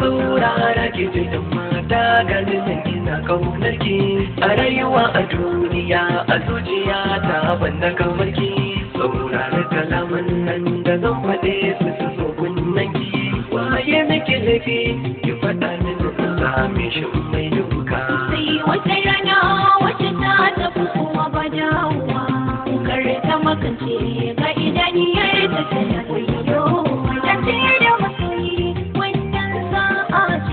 saurara ke jirgin mata ganin nan ina kaunar ki a rayuwa a duniya a zuciya ta ban da kamar ki saurara kalaman nan da zan faɗe su su so kunnan ki waye nake laifi ki faɗa min na same shi mai duka sai wata rana wata ta tafi kuma ba dawowa kar ta makance ga idaniyar ta tana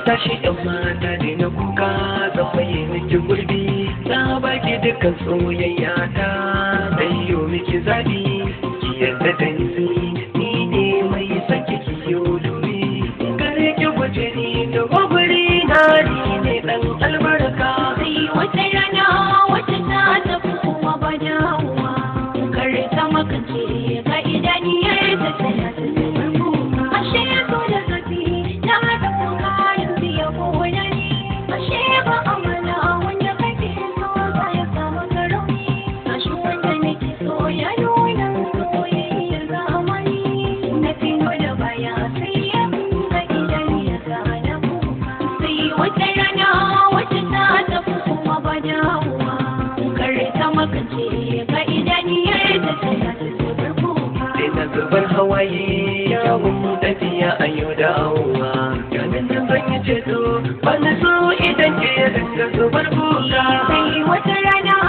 tashi tashi yan mata ne na kuka zan maye miki gurbi na baki dukkan soyayya ta zai yi miki zabi ki yarda da ni wahayi ya mu tafiya a yau da awa ganin da ban yi ceto ban so idan ke rinka zubar buga sai wata rana